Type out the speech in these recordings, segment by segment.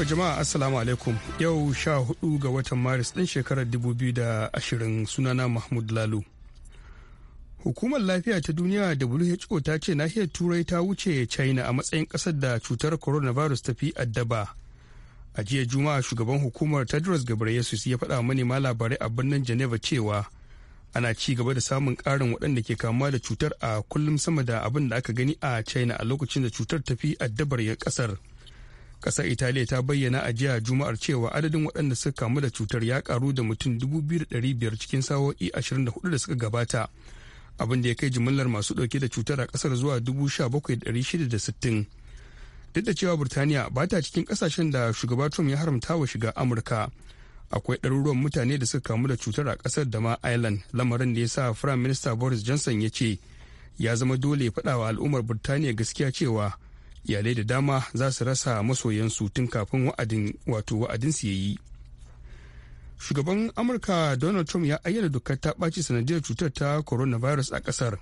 To jama'a assalamu alaikum yau sha hudu ga watan maris ɗin shekarar dubu biyu da ashirin sunana Mahmud Lalu. Hukumar lafiya ta duniya WHO ta ce nahiyar turai ta wuce China a matsayin ƙasar da cutar coronavirus ta fi addaba. A jiya juma'a shugaban hukumar Tedros Ghebreyesus ya faɗa manema labarai a birnin Geneva cewa ana ci gaba da samun ƙarin waɗanda ke kamuwa da cutar a kullum sama da abin da aka gani a China a lokacin da cutar ta fi addabar ƙasar. kasar italiya ta bayyana a jiya juma'ar cewa adadin waɗanda suka kamu da cutar ya karu da mutum 2,500 cikin sa'o'i 24 da suka gabata abin da ya kai jimillar masu ɗauke da cutar a kasar zuwa 17,660 duk da cewa burtaniya ba ta cikin kasashen da shugaba trump ya haramta wa shiga amurka akwai ɗaruruwan mutane da suka kamu da cutar a kasar da ma ireland lamarin da ya sa firayim minista boris johnson ya ce ya zama dole ya faɗa wa al'ummar burtaniya gaskiya cewa iyalai da dama za su rasa masoyansu tun kafin wa'adin wato wa'adin su yayi shugaban amurka donald trump ya ayyana dokar ta ɓaci sanadiyar cutar ta coronavirus a ƙasar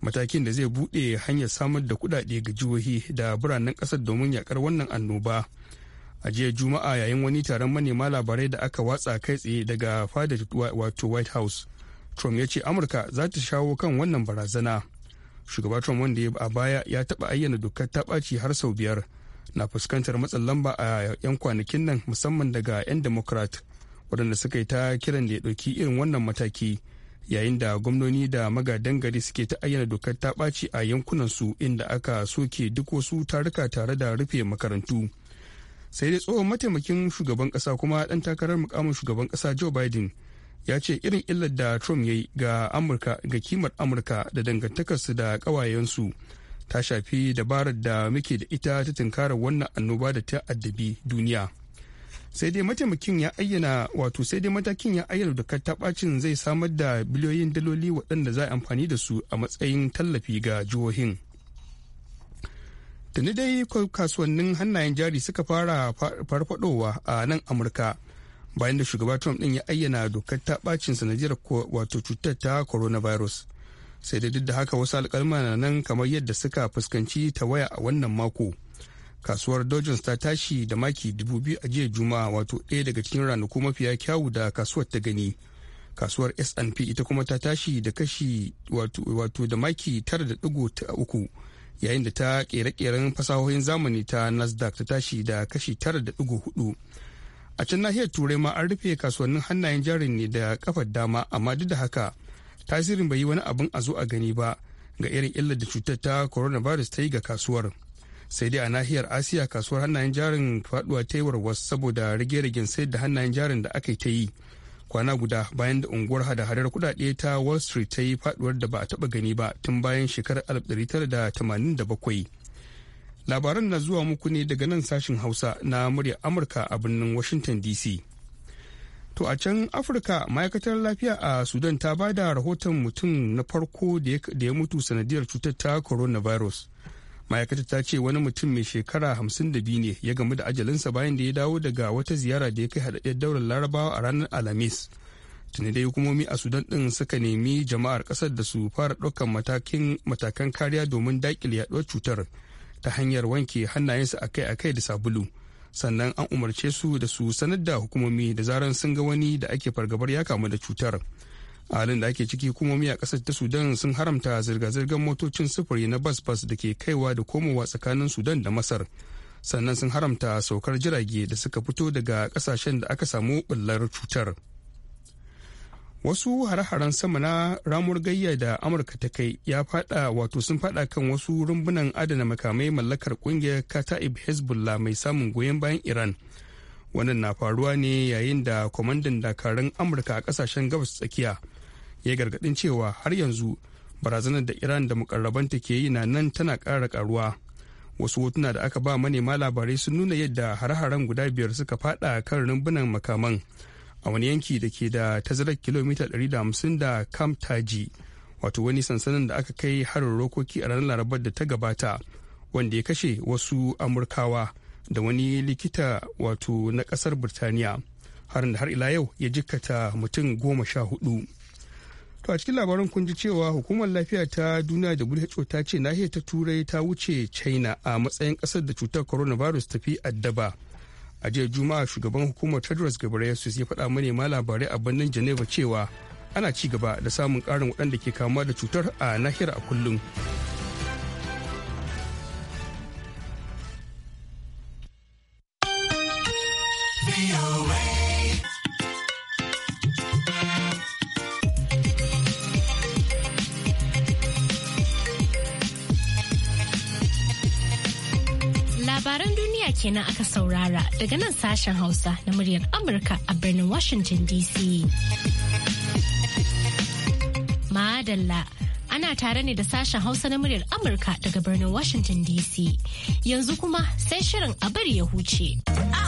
matakin da zai buɗe hanyar samar da kuɗaɗe ga jihohi da biranen ƙasar domin yakar wannan annoba a jiya juma'a yayin wani taron manema labarai da aka watsa kai tsaye daga fadar wato white house trump ya ce amurka za ta shawo kan wannan barazana shugaba trump wanda ya a baya ya taba ayyana dokar ta ɓaci har sau biyar na fuskantar matsin lamba a 'yan kwanakin nan musamman daga 'yan democrat waɗanda suka yi ta kiran da ya ɗauki irin wannan mataki yayin da gwamnoni da magadan gari suke ta ayyana dokar ta ɓaci a yankunansu inda aka soke duk wasu taruka tare da rufe makarantu sai dai tsohon mataimakin shugaban kasa kuma ɗan takarar mukamin shugaban kasa joe biden ya ce irin illar da trump ya yi ga amurka ga kimar amurka da dangantakarsu da ƙawayensu ta shafi dabarar da muke da ita ta tunkarar wannan annoba da ta addabi duniya sai dai mataimakin ya ayyana wato sai dai matakin ya ayyana da ta zai samar da biliyoyin daloli waɗanda za a amfani da su a matsayin tallafi ga jihohin tuni dai kasuwannin hannayen jari suka fara farfadowa a nan amurka bayan da shugaba trump din ya ayyana dokar ta bacin sanadiyar wato cutar ta coronavirus sai da duk da haka wasu alkalma na nan kamar yadda suka fuskanci ta waya a wannan mako kasuwar dojons ta tashi da maki dubu biyu a jiya juma'a wato ɗaya daga cikin ranaku mafiya kyawu da kasuwar ta gani kasuwar snp ita kuma ta tashi da kashi wato da maki uku yayin da ta ƙere keren fasahohin zamani ta Nasdaq ta tashi da kashi tara da hudu. a can nahiyar turai ma an rufe kasuwannin hannayen jarin ne da kafar dama amma duk da haka tasirin bai yi wani abin a zo a gani ba ga irin illar da cutar ta coronavirus ta yi ga kasuwar sai dai a nahiyar asiya kasuwar hannayen jarin faduwa ta yi warwas saboda rage-ragen sai da hannayen jarin da aka yi ta yi kwana guda bayan da unguwar hada-hadar kudade ta wall street ta yi faduwar da ba a taba gani ba tun bayan shekarar 1987 labaran na zuwa muku ne daga nan sashin hausa na murya amurka a birnin washington dc to a can afirka ma'aikatar lafiya a sudan ta ba da rahoton mutum na farko da ya mutu sanadiyar cutar ta coronavirus ma'aikatar ta ce wani mutum mai shekara 52 ne ya gamu da ajalinsa bayan da ya dawo daga wata ziyara da ya kai haɗaɗɗen daular larabawa a ranar alhamis tuni dai hukumomi a sudan ɗin suka nemi jama'ar ƙasar da su fara ɗaukar matakan kariya domin daƙile yaɗuwar cutar ta hanyar wanke hannayensu akai-akai da sabulu sannan an umarce su da su sanar da hukumomi da zaran sun ga wani da ake fargabar ya kamu da cutar a halin da ake ciki hukumomi a kasar ta sudan sun haramta zirga-zirgar motocin sufuri na bas-bas da ke kaiwa da komowa tsakanin sudan da masar sannan sun haramta saukar jirage da suka fito daga kasashen da aka samu ɓullar cutar. wasu hare-haren sama na ramuwar gayya da amurka ta kai ya fada wato sun fada kan wasu rumbunan adana makamai mallakar kungiyar kata'ib hezbollah mai samun goyon bayan iran wannan na faruwa ne yayin da kwamandan dakarun amurka a kasashen gabas tsakiya ya gargadin cewa har yanzu barazanar da iran da mukarrabanta ke yi na nan tana ƙara karuwa wasu hotuna da aka ba manema labarai sun nuna yadda hare-haren guda biyar suka fada kan rumbunan makaman a wani yanki da ke da tazarar kilomita 150 da kamtaji wato wani sansanin da aka kai harin rokoki a ranar larabar da ta gabata wanda ya kashe wasu amurkawa da wani likita wato na kasar birtaniya harin da har ila yau ya jikkata mutum goma sha hudu to a cikin labaran kun ji cewa hukumar lafiya ta duniya da who ta ce nahiyar ta turai ta wuce china a matsayin kasar da cutar coronavirus ta fi addaba a jiya juma'a shugaban hukumar tedros ghebreyesus ya faɗa manema labarai a birnin geneva cewa ana ci gaba da samun ƙarin waɗanda ke kama da cutar a nahiyar a kullum kenan aka saurara daga nan sashen Hausa na muryar Amurka a birnin Washington DC. Madalla ana tare ne da sashen Hausa na muryar Amurka daga birnin Washington DC. Yanzu kuma sai shirin a bari ya huce. Ah!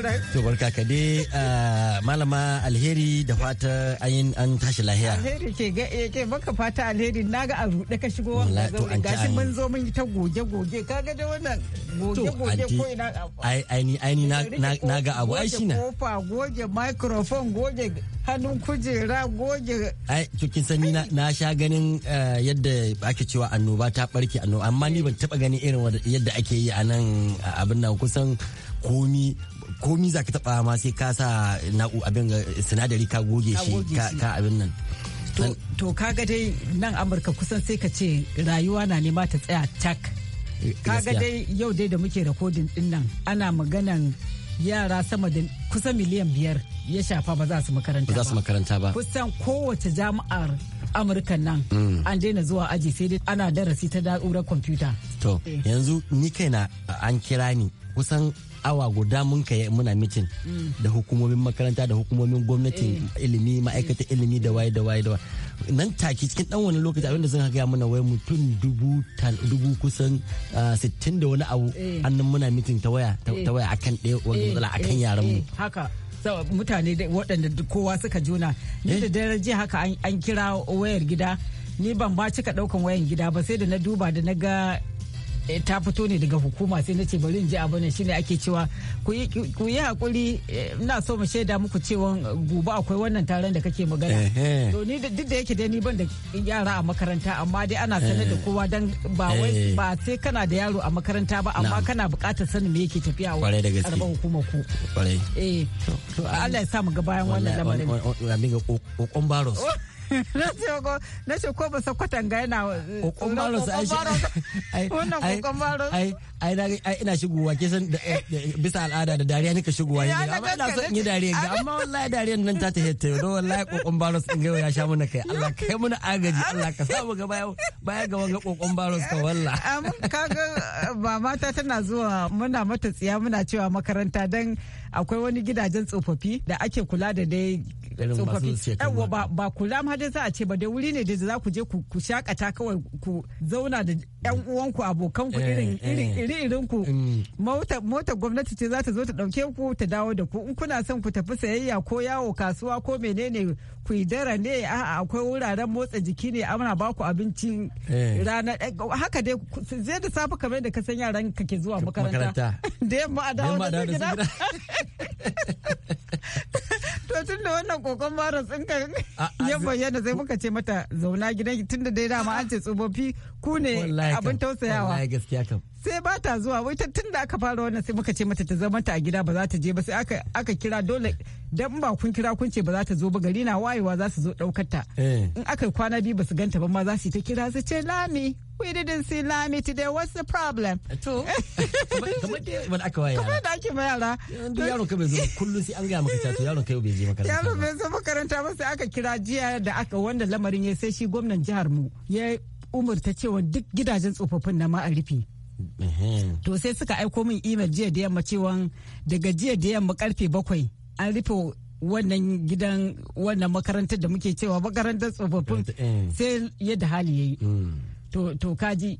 To barka dai ah, malama alheri da fata ayin an tashi lahiya. Alheri ke ga eh, ke baka fata alheri na ga a ka shigo wannan gashi mun zo mun yi ta goge goge ka ga da wannan goge goge ko ina aini aini na ga abu ai shi na. Kofa goge microphone goge hannun kujera goge. Ai cikin sani na sha ganin eh, yadda ake cewa annoba ta barke annoba amma ni ban taba ganin irin yadda ake yi a nan abin nan kusan komi komi za ka taba ma sai ka sa na'u abin sinadari ka goge shi ka abin nan to kaga dai nan amurka kusan sai ka ce rayuwa na nema ta tsaya tak eh, kaga dai yau dai da muke rikodin din nan ana maganan yara sama da kusan miliyan biyar ya shafa ba za su makaranta ba kusan kowace jami'ar amurka nan mm. an daina zuwa aji sai dai ana darasi ta daurar kwamfuta to eh. yanzu ni kaina an kira ni kusan awa guda mun kai muna mitin da hukumomin makaranta da hukumomin gwamnatin eh. ilimi ma'aikatan ilimi da waye da waye da nan take cikin dan wani lokaci abinda sun haka mana wai mutum dubu dubu kusan ah, sittin da wani abu eh. annan muna mitin ta waya ta eh. waya akan ɗaya wani matsala akan yaran mu haka mutane waɗanda kowa suka juna ni da ji haka an kira wayar gida ni ban ba cika ɗaukan wayan gida ba sai da na duba da na ga ta fito ne daga hukuma sai na ce bari in ji abu ne shine ake cewa ku yi hakuri ina so mu shaida muku cewa gobe akwai wannan taron da kake magana to ni duk da yake dai ni ban da yara a makaranta amma dai ana sanar da kowa dan ba wai ba sai kana da yaro a makaranta ba amma kana bukatar sanin me yake tafiya a karban hukumar ku eh to Allah ya sa mu ga bayan wannan lamarin kokon baros na ce ko ba sakwatan ga yana eh, kokon baro su ai wannan kokon baro ai ai na ina shigowa ke san eh, eh, bisa al'ada da dariya nika shigowa ne amma ina so in yi dariya ga amma wallahi dariya nan ta ta hetta yau wallahi kokon baro in ga ya sha mun kai Allah kai mun agaji Allah ka samu ga baya baya ga wanga kokon baro ka walla kaga mama ta tana zuwa muna mata tsiya muna cewa makaranta dan akwai wani gidajen tsofaffi da ake kula da dai irin ba kula ma dai za a ce ba dai wuri ne da za ku je ku shakata kawai ku zauna da yan uwanku abokanku ku eh, irin irin eh. irin ku mm. mota gwamnati ce za ta zo ta ɗauke ku ta dawo da ku in kuna son ku tafi sayayya ko yawo kasuwa ko menene ku yi dara ne a'a akwai wuraren motsa jiki ne ana ba ku abinci eh. rana haka dai zai da safe kamar da ka san yaran ka ke zuwa makaranta da yamma a dawo da gida to tun da wannan kokon mara ɗinka ya bayyana sai muka ce mata zauna gidan tun da dai dama an ce tsofaffi ku ne abin tausayawa. sai ba ta zuwa wai tun da aka fara wannan sai muka ce mata ta zama ta a gida ba za ta je ba sai aka aka kira dole dan ba kun kira kun ce ba za ta zo ba gari na wayewa za su zo daukar ta eh. in aka kwana biyu ba su ganta ba ma za su ta kira su ce lami we didn't see lami today what's the problem eh, to kamar da aka waya kamar da ake ma yara duk yaron kai bai zo kullum sai an ga maka to yaron kai bai je makaranta yaron bai zo makaranta ba sai aka kira jiya da aka wanda lamarin ya sai shi gwamnan jihar mu ya umurta cewa duk gidajen tsofaffin na ma a rufe to sai suka aiko min imel jiya da yamma cewa daga jiya da yamma karfe bakwai an rufe wannan gidan wannan makarantar da muke cewa makarantar tsofaffin eh. sai yadda hali ya yi hmm. to kaji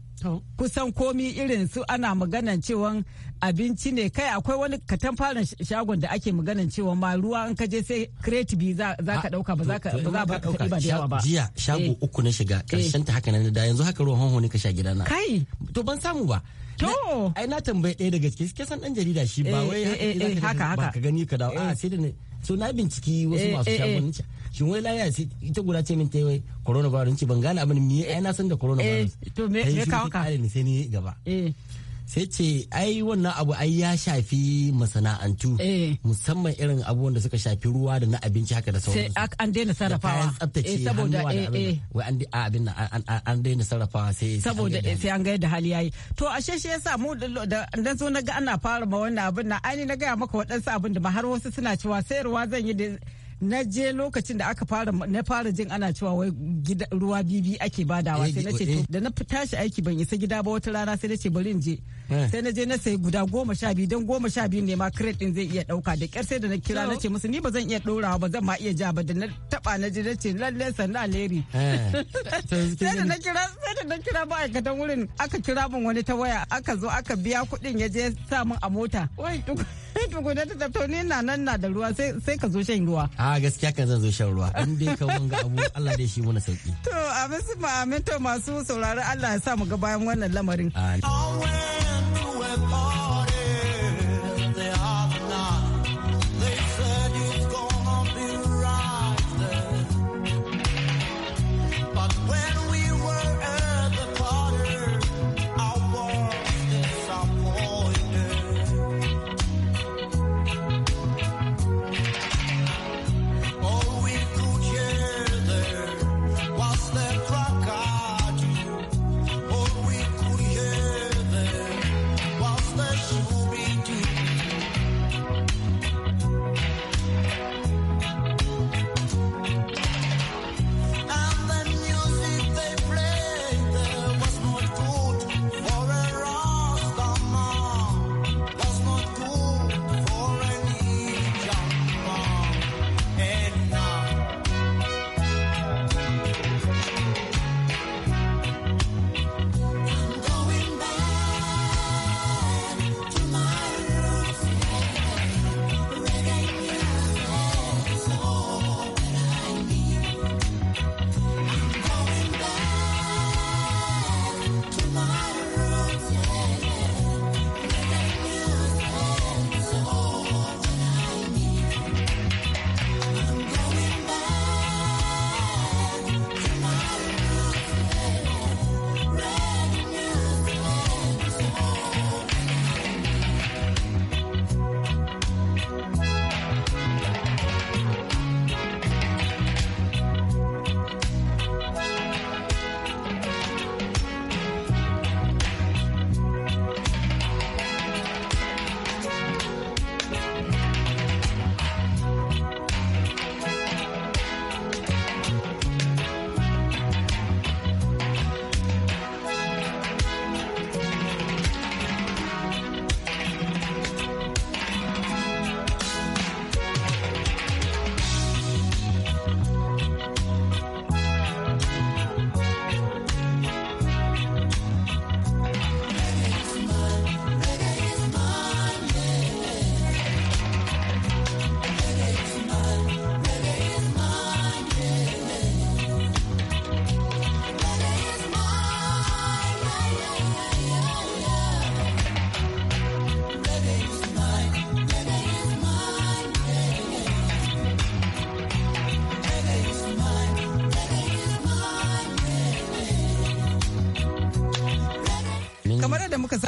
kusan komi irin su ana maganan cewa abinci ne kai akwai wani katan fara shagon da ake maganan cewa ma ruwa an ka je sai kreti bi za ka dauka ah, ba za ka ba ka ba da ba jiya shago eh. uku na shiga karshen eh. ta haka nan da yanzu haka ruwan honho ne ka sha gidana kai to ban samu ba to ai na tambaye ɗaya daga cikin suke san dan jarida shi ba eh, wai haka haka ka gani ka dawo a ah, sai da ne so na binciki wasu masu shagon shin wai laya sai ita guda ce min ta wai coronavirus ce ban gane abin me ai na san da coronavirus eh, to me me kawo ka ne sai ni gaba eh. sai ce ai wannan abu ai ya shafi masana'antu eh. musamman irin abubuwan da suka shafi ruwa da na abinci haka da sauransu sai an daina sarrafawa eh saboda eh wai an abin an daina sarrafawa sai saboda sai an ga yadda hali yayi to ashe shi yasa mu da dan zo na ga ana fara ma wannan abin na ai na ga maka waɗansu abin da ma har wasu suna cewa sayarwa zan yi da na je lokacin da aka fara na fara jin ana cewa wai ruwa bibi ake badawa eh, sai na ce eh. da na tashi aiki ban isa gida ba wata rana sai na ce bari in je eh. sai na je na sayi guda goma sha biyu don goma sha biyu ne ma kiret din zai iya dauka da kyar sai da na kira na ce musu ni ba zan iya dorawa ba zan ma iya ja ba da na taba na je na ce lalle sanda leri sai da na kira sai da na kira ma'aikatan wurin aka kira min wani ta waya aka zo aka biya kuɗin ya je sa min a mota tukuna ta tafto ni na nan na da ruwa sai ka zo shan ruwa. A gaskiya kan zan zo shan ruwa. In dai ka wanga abu Allah dai shi mana sauki. To a bisu ma masu sauraro. Allah ya sa mu ga bayan wannan lamarin. Amin.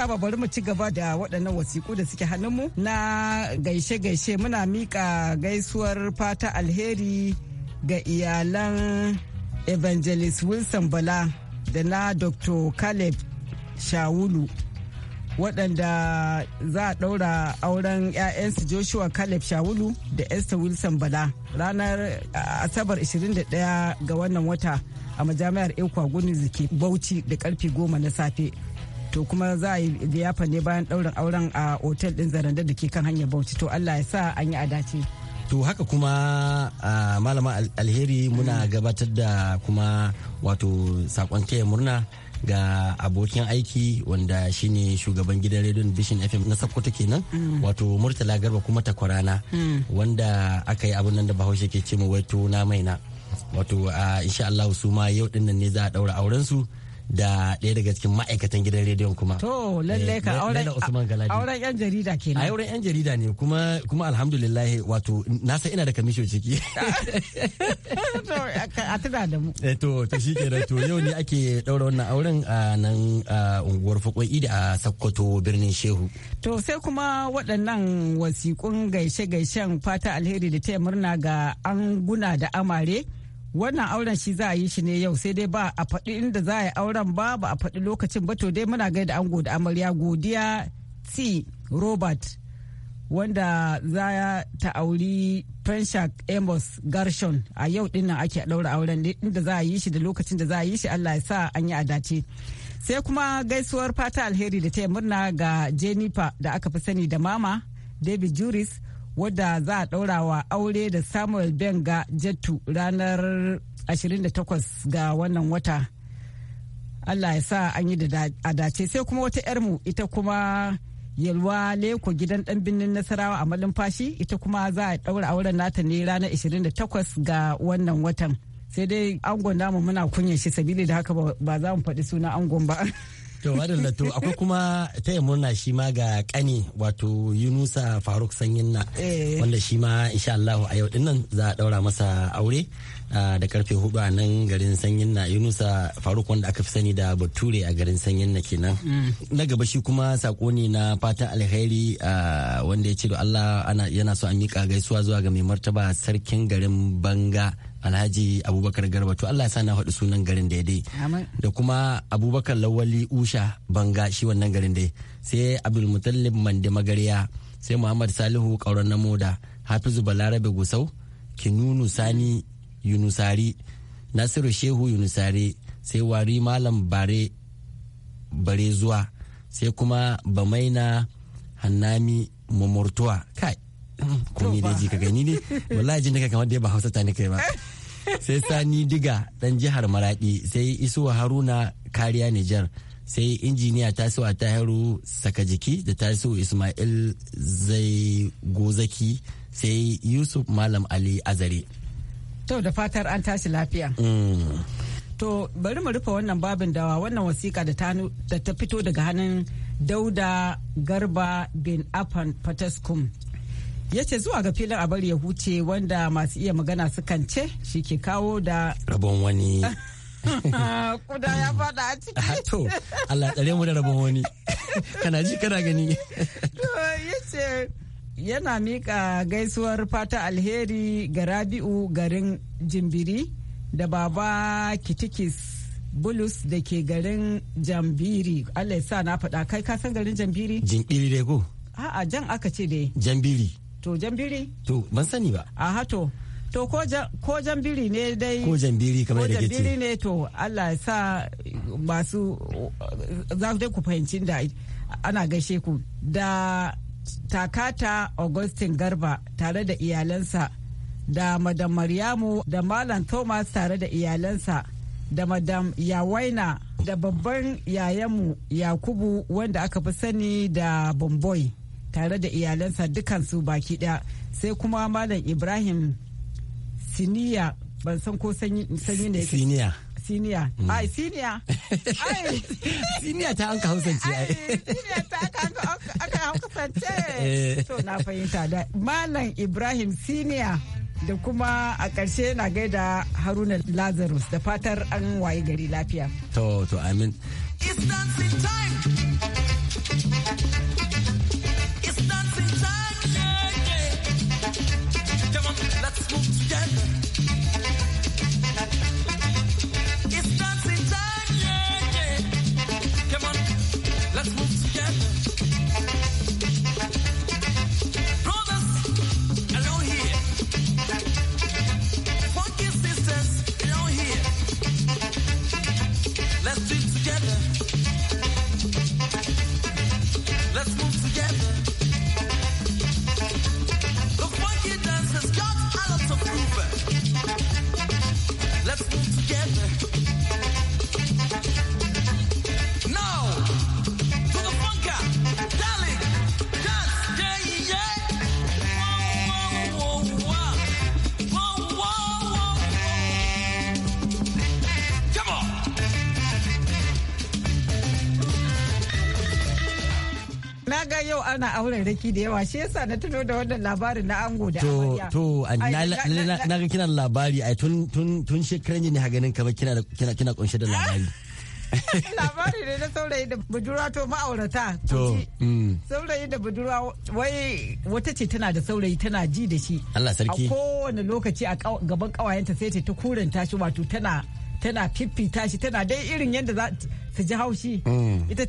saba bari mu ci gaba da waɗannan wasiku da suke hannunmu na gaishe-gaishe muna mika gaisuwar fata alheri ga iyalan evangelist wilson bala da na dr caleb shawulu waɗanda za a ɗaura auren 'ya'yansu joshua caleb shawulu da esther wilson bala ranar asabar 21 ga wannan wata a majami'ar ekwa gudun ziki bauchi da karfe 10 na safe to kuma za a yi liyafa ne bayan ɗaurin auren a otel ɗin zarandar da ke kan hanyar bauchi to allah ya sa an yi a dace to haka kuma malama alheri muna mm. gabatar da kuma wato sakon taya murna ga abokin aiki wanda shine shugaban gidan rediyon bishin fm na sokoto kenan mm. wato murtala garba kuma takwarana na. Mm. wanda aka yi abin nan da bahaushe ke ce wato na maina wato insha allahu su ma yau dinnan ne za a ɗaura auren su da ɗaya daga cikin ma'aikatan gidan rediyon kuma. To lallai ka eh, auren yan jarida kenan. A auren yan jarida ne kuma kuma alhamdulillah wato na ina da kamisho ciki. A tuna da mu. Eh, to to to yau ne ake ɗaura wannan auren a nan unguwar Fakwai idi a Sokoto birnin Shehu. To sai kuma waɗannan wasiƙun gaishe-gaishen fata alheri da taya murna ga anguna da amare. wannan auren shi za a yi shi ne yau sai dai ba a faɗi inda za a yi auren ba ba a faɗi lokacin ba to dai muna gai da ango da amarya godiya t robert wanda za ta auri Frenshak Amos Garshon a yau dinnan ake ɗaura auren inda za a yi shi da lokacin da za a yi shi Allah ya sa an yi adace Sai kuma gaisuwar fata alheri da ta yi murna ga Jennifer da aka fi sani da Mama David Juris wadda za a ɗaura wa aure da samuel benga jettu ranar 28 ga wannan wata allah ya sa an yi da dace sai kuma wata 'yarmu ita kuma yalwa leko gidan dan birnin nasarawa a fashi ita kuma za a ɗaura auren nata ne ranar 28 ga wannan watan sai dai angon namu muna kunyan shi sabili da haka ba za mu faɗi suna angon ba to madalla to akwai kuma taya murna shi ma ga kani wato yunusa faruk sanyin na eh. wanda shi ma insha Allah a yau dinnan za a daura masa aure ah, da karfe hudu a nan garin sanyin na yunusa faruk wanda aka fi sani da bature a garin sanyin na kenan mm. na gaba shi kuma sako ne na fatan alheri ah, wanda ya ce da allah yana so a miƙa gaisuwa zuwa ga mai martaba sarkin garin banga alhaji abubakar garba to allah ya sa na faɗi sunan garin daidai da kuma abubakar lawali usha banga shi wannan garin dai sai abdul abdulmutallib mande magariya sai muhammad salihu kauran na moda hafizu balarabe gusau kinunu sani yunusari nasiru shehu yunusari sai wari malam bare bare zuwa sai kuma bamaina hannami mamurtuwa kai ni ne ji ka gani ne wallahi jin da kamar da ba hausa ta ni kai ba sai sani diga dan jihar maradi sai isuwa haruna kariya nijar sai injiniya tasiwa tahiru jiki da tasiwa ismail zai gozaki sai yusuf malam ali azare to da fatar an tashi lafiya mm. to bari mu rufe wannan babin dawa wannan wasiƙa da ta fito daga hannun dauda garba bin afan fataskum ya ce zuwa ga filin a bari ya huce wanda masu iya magana sukan ce shi ke kawo da rabon wani kuda ya fada a ciki ah, to Allah tsare mu da rabon wani kana ji kana gani ya yace yana mika gaisuwar fata alheri ga Rabi'u garin Jimbiri da baba Kitikis bulus da ke garin jambiri allah ya sa na faɗa kai kasan garin jambiri jimbiri dai ko a jan aka ce dai jambiri to jambiri to ban sani ba a hato to ko jambiri ne dai ko jambiri kamar da ke ce ko jambiri ne to Allah ya sa masu za ku ku fahimci da ana gaishe ku da takata augustin garba tare da iyalansa da madam maryamu da malam thomas tare da iyalansa da madam yawaina da babban yayanmu yakubu wanda aka fi sani da bomboy tare da iyalansa dukansu baki daya sai kuma malam ibrahim siniya ban san ko sanyi ne siniya siniya mm. ai siniya ai siniya ta hanka hausance ai siniya ta hanka hausance eh. to na fahimta da malam ibrahim siniya da kuma a ƙarshe na gaida haruna lazarus da fatar an waye gari lafiya to to amin it's dancing time na ga yau ana auren raki da yawa shi yasa na tuno da wannan labarin na ango da amarya to na ga kina labari ai tun tun tun shekaran ne haganin ganin kamar kina kina kina kunshe da labari labari ne na saurayi da budurwa to ma'aurata to mm. saurayi da budurwa wai wata ce tana da saurayi tana ji da shi Allah sarki a kowane lokaci a gaban kawayenta sai ta kuranta shi wato tana tana fiffita shi tana dai irin yadda za su ji haushi mm. ita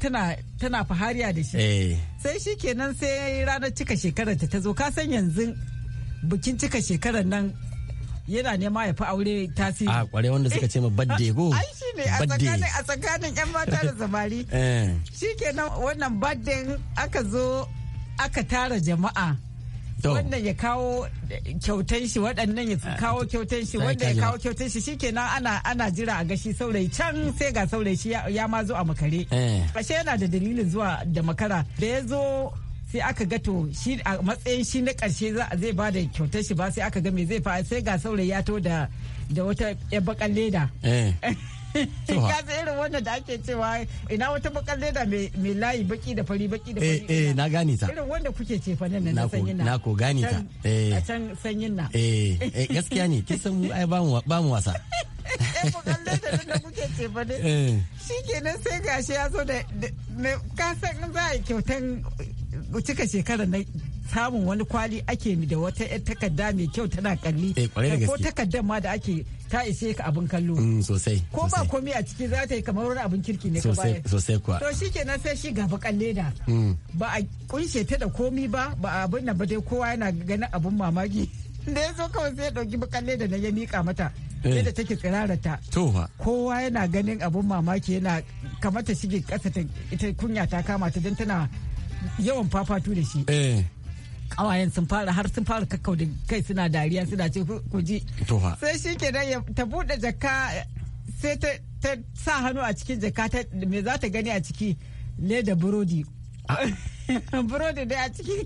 tana fahariya da shi eh. sai shi kenan sai ranar cika shekarar ta zo ka san yanzu bikin cika shekarar nan yana nema ya fi aure tasiri. A kware wanda suka ce ma badde go. Ai a tsakanin yan mata da samari. Eh. Shi kenan wannan badden aka zo aka tara jama'a. wannan ya kawo kyautan shi waɗannan ya kawo ah, kyautan shi wanda ya kawo kyautan shi shikenan ana ana jira a gashi saurayi can sai ga saurayi shi ya ma zo a makare eh. ashe yana da dalilin zuwa da makara da ya zo sai aka ga to shi a matsayin shi na karshe zai bada kyautan shi ba sai aka ga me zai fa sai ga saurayi ya to da da wata bakan leda eh. ya irin wanda da ake cewa ina wata bakar leda mai layi baki da fari baki da fari eh, eh na gani ta irin wanda kuke ce fa nan na sanyin na ko gani ta eh a can sanyin na eh, eh gaskiya ne kin san mu ai ba mu ba mu wasa eh bakar da kuke ce fa ne eh. shikenan sai gashi ya zo da ka san za a kyautan cika shekara na samun wani kwali ake da wata yar takarda mai kyau tana kalli eh, ko takardar ma da ake ta ishe ka abin kallo mm, sosai ko ba komai a ciki za ta yi kamar wani abin kirki ne ka sosai kuwa to kenan sai shi gaba kalle da mm. ba a kunshe ta da komi ba ba abin nan ba dai kowa yana ganin abin mamaki da ya zo kawai sai ya dauki bakalle da na ya mika mata yadda eh. take tsirarata kowa yana ganin abin mamaki yana kamata shige kasa ita kunya ta kama ta don tana yawan fafatu da shi eh. kawayen sun fara har sun fara kakkau da kai suna dariya suna ce ku ji sai shi ke ta buɗe jaka sai ta sa hannu a cikin jaka me za ta gani a ciki ne da burodi ah. burodi dai a ciki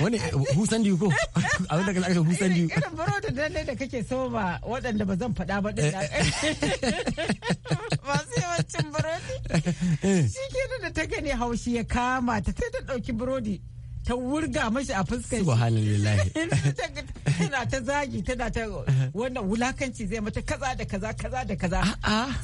wani eh, husan diyu ko abin da kasa husan diyu irin burodi da ne da kake so ba waɗanda ba zan faɗa ba ɗin eh. masu yawancin burodi eh. shi ke da ta gani haushi ya kama ta sai ta ɗauki burodi ta wurga mashi a fuskar shi tana ta zagi tana ta wannan wulakanci zai mata kaza da kaza kaza da kaza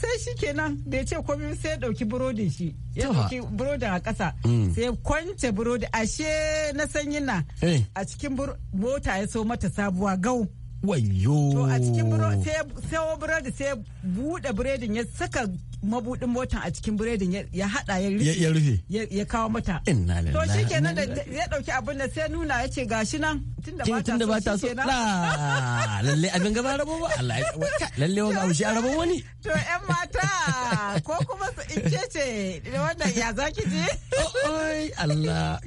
sai shi kenan da ya ce komai sai ya dauki burodin shi ya dauki burodin a kasa mm. sai kwance burodi ashe na sanyin na eh. a cikin mota ya so mata sabuwa gau wayo to a cikin burodi sai burodi sai bude buredin ya saka mabudin motan a cikin biredin ya hada ya rufe ya kawo mata to shi kenan da ya dauki abin da sai nuna ya ce gashi nan tun ba ta so la lalle abin gaba rabo ba Allah ya lalle wani abu shi a wani to yan mata ko kuma su ince ce wannan ya zaki je oi Allah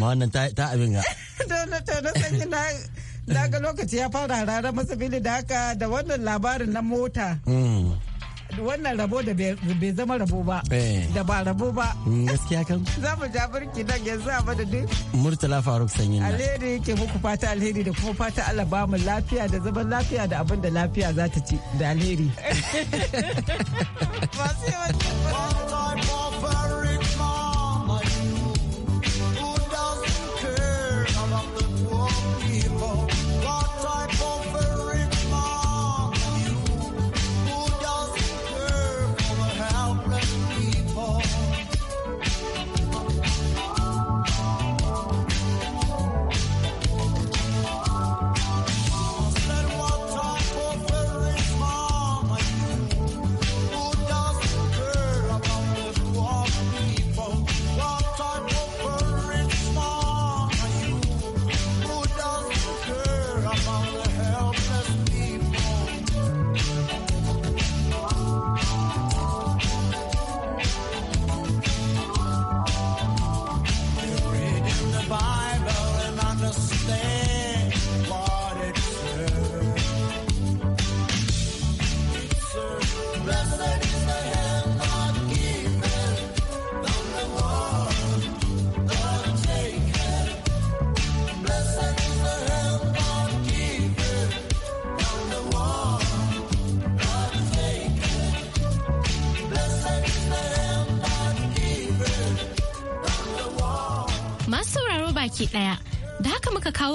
ma wannan ta abin ga to na to na san na na ga lokaci ya fara rara masa fili da haka da wannan labarin na mota mm. wannan rabo da bai zama rabo ba eh. da ba rabo ba mm, gaskiya kan za mu ja birki nan yanzu a madadin murtala faruk sanyi na alheri yake muku fata alheri da kuma fata Allah ba mu lafiya da zaman lafiya da abin da lafiya za ta ci da alheri masu yawan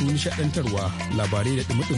su nishadantarwa labarai da dumi